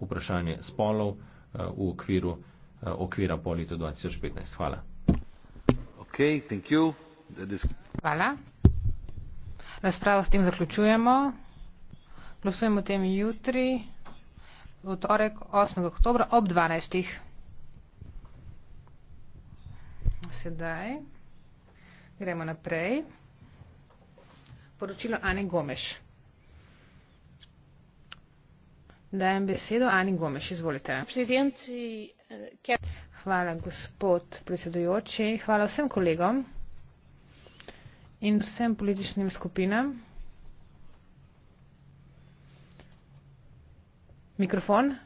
vprašanje spolov eh, v okviru eh, okvira po letu 2015. Hvala. Okay, thank you. Is... Hvala. Razpravo s tem zaključujemo. Glasujemo o tem jutri, v torek 8. oktober ob 12. Sedaj gremo naprej. Poročilo Ane Gomeš. Dajem besedo Ani Gomeš, izvolite. Hvala, gospod predsedujoči. Hvala vsem kolegom in vsem političnim skupinam. Mikrofon.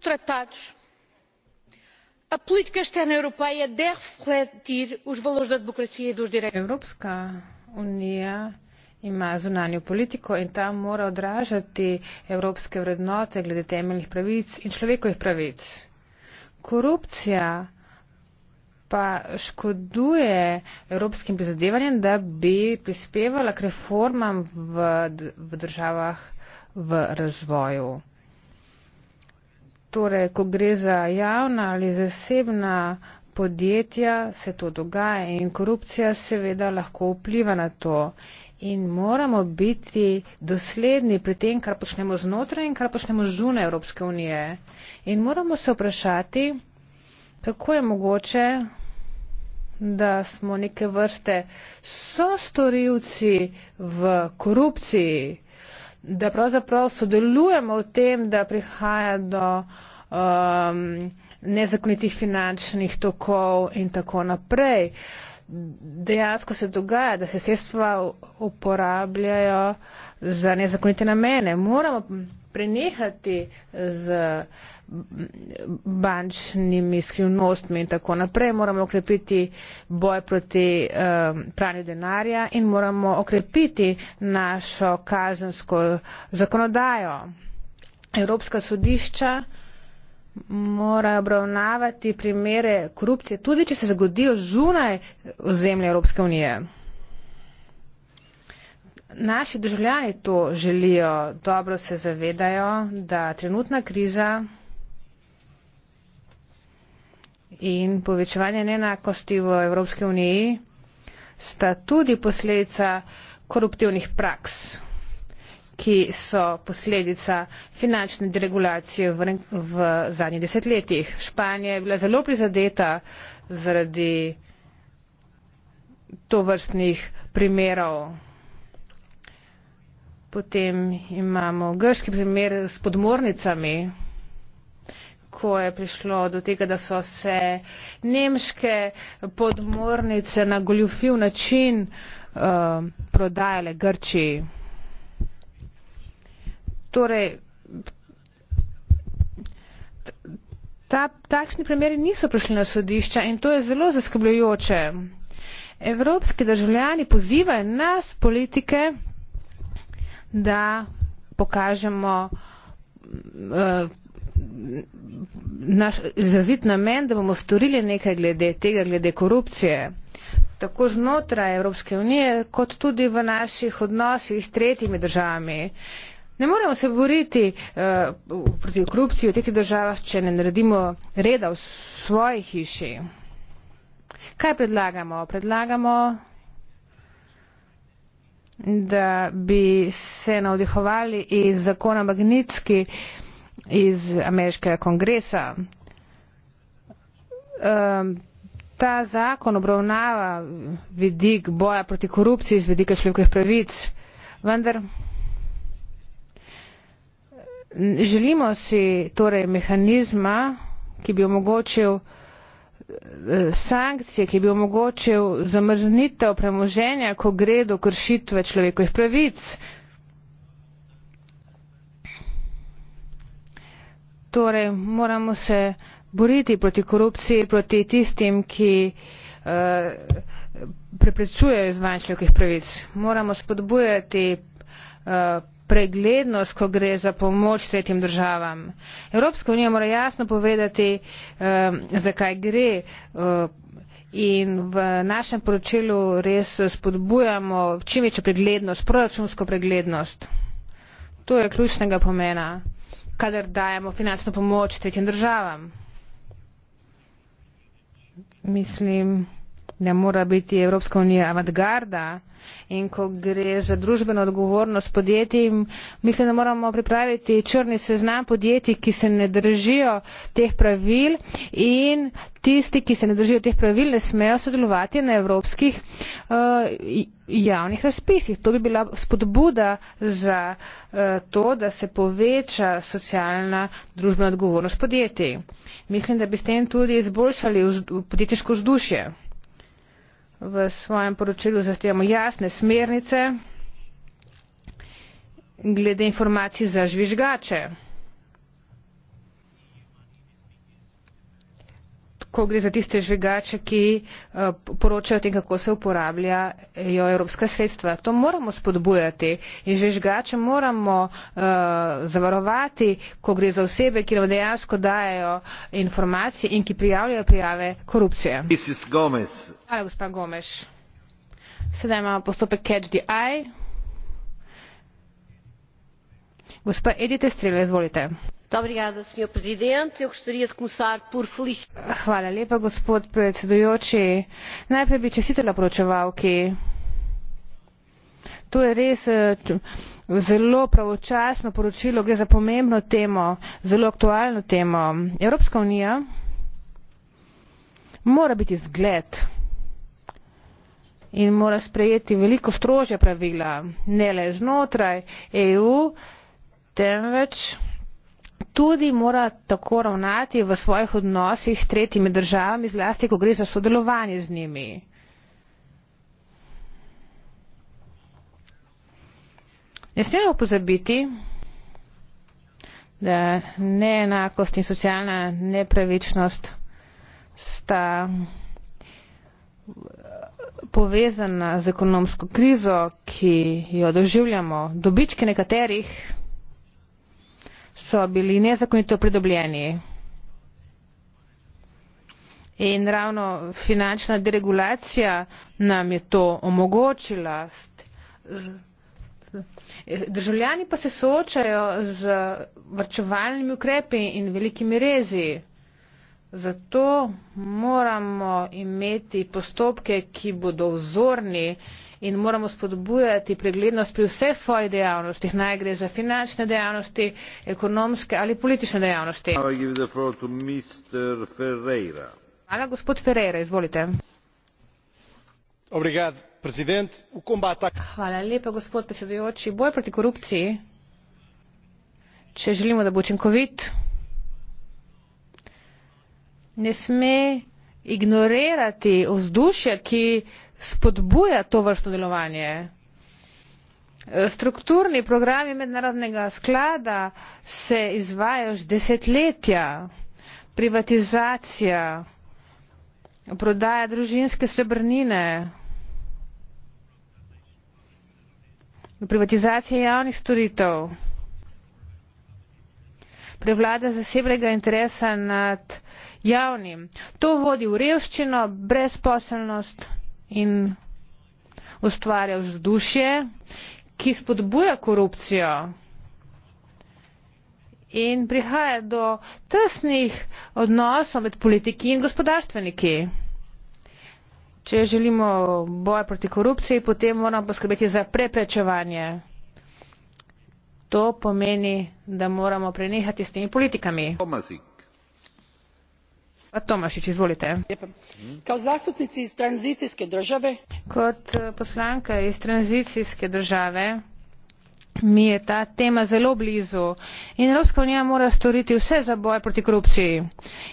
Tratados A política externa europeia deve refletir os valores da democracia e dos direitos. Evropska unija ima zunanjo politiko in ta mora odražati evropske vrednote glede temeljnih pravic in človekovih pravic. Korupcija pa škoduje evropskim prizadevanjem, da bi prispevala k reformam v, v državah v razvoju. Torej, ko gre za javna ali zasebna podjetja, se to dogaja in korupcija seveda lahko vpliva na to. In moramo biti dosledni pri tem, kar počnemo znotraj in kar počnemo zunaj Evropske unije. In moramo se vprašati, kako je mogoče, da smo neke vrste sostorilci v korupciji da pravzaprav sodelujemo v tem, da prihaja do um, nezakonitih finančnih tokov in tako naprej. Dejansko se dogaja, da se sredstva uporabljajo za nezakonite namene. Moramo prenehati z bančnimi skrivnostmi in tako naprej. Moramo okrepiti boj proti uh, pranju denarja in moramo okrepiti našo kazensko zakonodajo. Evropska sodišča morajo obravnavati primere korupcije, tudi če se zgodijo zunaj ozemlja Evropske unije. Naši državljani to želijo, dobro se zavedajo, da trenutna kriza in povečevanje nenakosti v Evropski uniji sta tudi posledica koruptivnih praks, ki so posledica finančne deregulacije v, v zadnjih desetletjih. Španija je bila zelo prizadeta zaradi to vrstnih primerov Potem imamo grški primer s podmornicami, ko je prišlo do tega, da so se nemške podmornice na goljufiv način uh, prodajale Grči. Torej, ta, takšni primeri niso prišli na sodišča in to je zelo zaskrbljujoče. Evropski državljani pozivajo nas, politike, da pokažemo eh, naš zazit namen, da bomo storili nekaj glede tega, glede korupcije, tako znotraj Evropske unije, kot tudi v naših odnosih s tretjimi državami. Ne moremo se boriti uh, proti korupciji v tretjih državah, če ne naredimo reda v svoji hiši. Kaj predlagamo? Predlagamo da bi se navdihovali iz zakona Magnitski iz ameriškega kongresa. Um, ta zakon obravnava vidik boja proti korupciji z vidika človekovih pravic, vendar želimo si torej mehanizma, ki bi omogočil sankcije, ki bi omogočil zamrznitev premoženja, ko gre do kršitve človekovih pravic. Torej, moramo se boriti proti korupciji, proti tistim, ki uh, preprečujejo izvajanje človekovih pravic. Moramo spodbujati uh, preglednost, ko gre za pomoč tretjim državam. Evropska unija mora jasno povedati, eh, zakaj gre. Eh, In v našem poročilu res spodbujamo čim večjo preglednost, proračunsko preglednost. To je ključnega pomena, kadar dajemo finančno pomoč tretjim državam. Mislim da mora biti Evropska unija avantgarda in ko gre za družbeno odgovornost podjetij, mislim, da moramo pripraviti črni seznam podjetij, ki se ne držijo teh pravil in tisti, ki se ne držijo teh pravil, ne smejo sodelovati na evropskih uh, javnih razpisih. To bi bila spodbuda za uh, to, da se poveča socialna družbena odgovornost podjetij. Mislim, da bi s tem tudi izboljšali podjetniško vzdušje v svojem poročilu zahtevamo jasne smernice glede informacij za žvižgače. ko gre za tiste žvigače, ki eh, poročajo o tem, kako se uporabljajo evropska sredstva. To moramo spodbujati in žvigače moramo eh, zavarovati, ko gre za osebe, ki nam dejansko dajo informacije in ki prijavljajo prijave korupcije. Hvala, gospa Gomeš. Sedaj imamo postopek Catch the Eye. Gospa Edite Strela, izvolite gospod predsedujoči najprej bi čestitala poročevalki to je res čudovit eh, napor in res zelo pravočasno poročilo gre za pomembno temo zelo aktualno temo. evropska unija mora biti zgled in mora sprejeti veliko strožja pravila ne le znotraj eu temveč tudi mora tako ravnati v svojih odnosih s tretjimi državami, zlasti, ko gre za sodelovanje z njimi. Ne smemo pozabiti, da neenakost in socialna nepravičnost sta povezana z ekonomsko krizo, ki jo doživljamo. Dobičke nekaterih so bili nezakonito pridobljeni. In ravno finančna deregulacija nam je to omogočila. Državljani pa se soočajo z vrčevalnimi ukrepi in velikimi rezi. Zato moramo imeti postopke, ki bodo vzorni in moramo spodbujati preglednost pri vseh svojih dejavnostih, naj gre za finančne dejavnosti, ekonomske ali politične dejavnosti. Hvala, gospod Ferreira, izvolite. Hvala lepa, gospod predsedujoči. Boj proti korupciji, če želimo, da bo učinkovit, ne sme ignorirati vzdušja, ki spodbuja to vrsto delovanje. Strukturni programi mednarodnega sklada se izvajajo že desetletja. Privatizacija, prodaja družinske srebrnine, privatizacija javnih storitev, prevlada zasebnega interesa nad javnim. To vodi v revščino, brezposelnost in ustvarja vzdušje, ki spodbuja korupcijo in prihaja do tesnih odnosov med politiki in gospodarstveniki. Če želimo boj proti korupciji, potem moramo poskrbeti za preprečevanje. To pomeni, da moramo prenehati s temi politikami. Tomasi kao zastupnici iz tranzicijske države kot eh, poslanka iz tranzicijske države mi je ta tema zelo blizu in evropska unija mora storiti vse za boj proti korupciji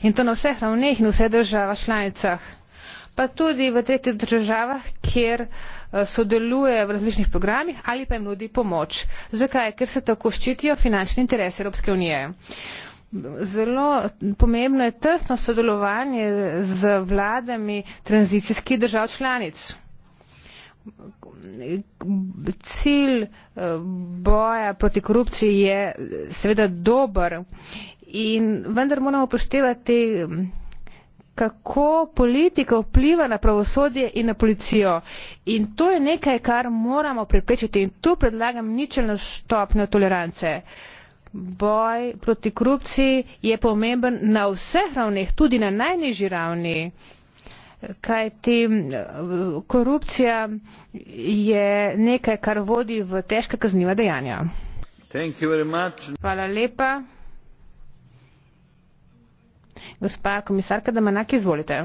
in to na vseh ravneh in vseh državah članicah pa tudi v tretjih državah kjer eh, sodeluje v različnih programih ali pa jim nudi pomoč zakaj ker se tako ščitijo finančni interesi evropske unije. Zelo pomembno je tesno sodelovanje z vladami tranzicijskih držav članic. Cilj eh, boja proti korupciji je eh, seveda dober in vendar moramo upoštevati, mm, kako politika vpliva na pravosodje in na policijo. In to je nekaj, kar moramo preprečiti in tu predlagam ničelno stopnjo tolerance. Uh, boj proti korupciji je pomemben na vseh ravneh, tudi na najnižji ravni. Kaj ti korupcija je nekaj, kar vodi v težka kazniva dejanja. Hvala lepa. Gospa komisarka Damanak, izvolite.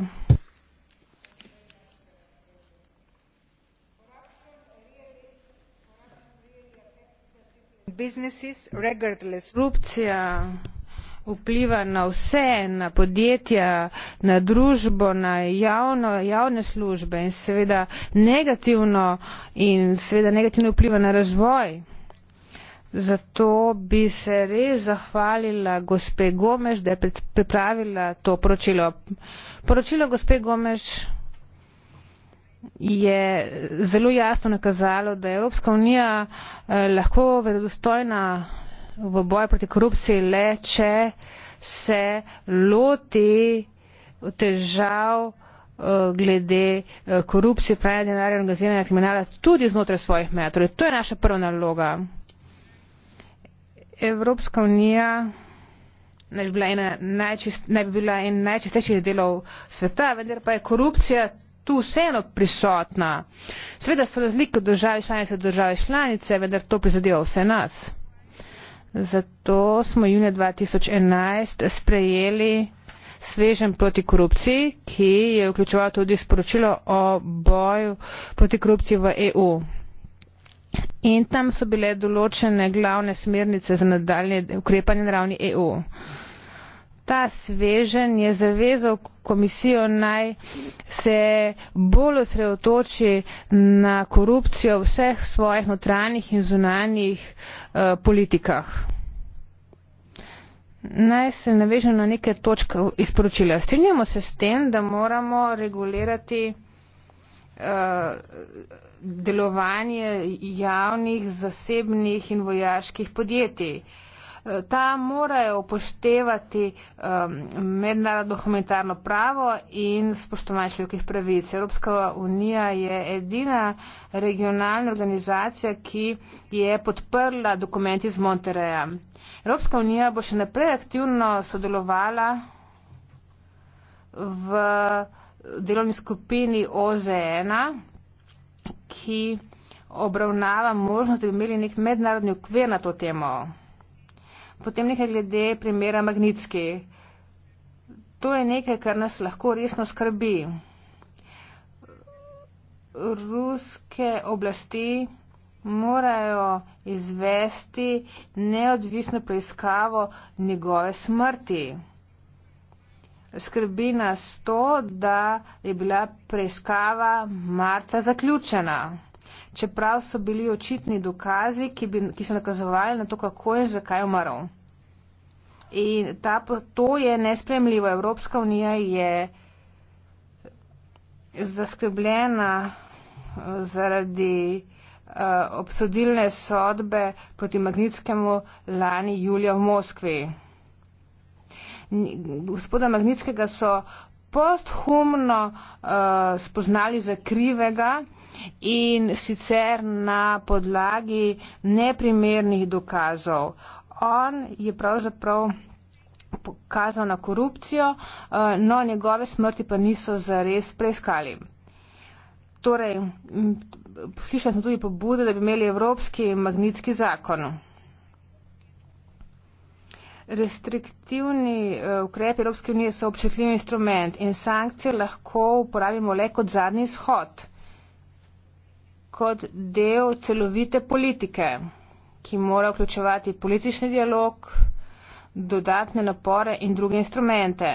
korupcija vpliva na vse na podjetja na družbo na javno javne službe in seveda negativno in seveda negativno vpliva na razvoj zato bi se res zahvalila gospe gomez da je pripravila to poročilo poročilo gospe gomez je zelo jasno nakazalo, da je Evropska unija eh, lahko verodostojna v boju proti korupciji le, če se loti težav eh, glede eh, korupcije, pranja denarja in organiziranja kriminala tudi znotraj svojih meja. Torej, to je naša prva naloga. Evropska unija naj bi bila en najčistejših delov sveta, vendar pa je korupcija tu vseeno prisotna. Seveda so razlike od države članice do države članice, vendar to prizadeva vse nas. Zato smo junija 2011 sprejeli svežen proti korupciji, ki je vključeval tudi sporočilo o boju proti korupciji v EU. In tam so bile določene glavne smernice za nadaljne ukrepanje na ravni EU ta svežen je zavezal komisijo naj se bolj osredotoči na korupcijo v vseh svojih notranjih in zunanjih eh, politikah. Naj se navežem na neke točke izporočila. Strinjamo se s tem, da moramo regulirati eh, delovanje javnih, zasebnih in vojaških podjetij. Eh, ta morajo upoštevati um, mednarodno humanitarno pravo in spoštovanje človekovih pravic. Evropska unija je edina regionalna organizacija, ki je podprla dokument iz Montereja. Evropska unija bo še naprej aktivno sodelovala v delovni skupini OZN, ki obravnava možnost, da bi imeli nek mednarodni okvir na to temo. Potem nekaj glede primera Magnitski. To je nekaj, kar nas lahko resno skrbi. Ruske oblasti morajo izvesti neodvisno preiskavo njegove smrti. Skrbi nas to, da je bila preiskava marca zaključena čeprav so bili očitni dokazi, ki, bi, ki so nakazovali na to, kako in zakaj je umrl. In ta, to je nespremljivo. Evropska unija je zaskrbljena eh, zaradi uh, obsodilne sodbe proti Magnitskemu lani julija v Moskvi. Gospoda Magnitskega so posthumno uh, spoznali za krivega in sicer na podlagi neprimernih dokazov. On je pravzaprav pokazal na korupcijo, uh, no njegove smrti pa niso zares preiskali. Torej, slišali smo tudi pobude, da bi imeli evropski magnitski zakon restriktivni eh, ukrepi Evropske unije so občutljiv instrument in sankcije lahko uporabimo le kot zadnji izhod, kot del celovite politike, ki mora vključevati politični dialog, dodatne napore in druge instrumente.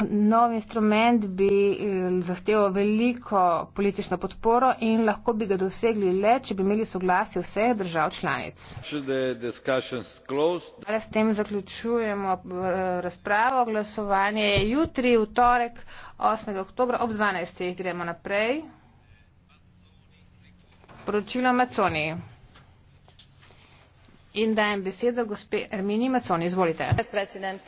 Nov instrument bi eh, zahteval veliko politično podporo in lahko bi ga dosegli le, če bi imeli soglasje vseh držav članic. S tem zaključujemo eh, razpravo. Glasovanje je jutri, v torek, 8. oktober ob 12. gremo naprej. Poročilo Maconi. In dajem besedo gospe Ermini Maconi. Izvolite.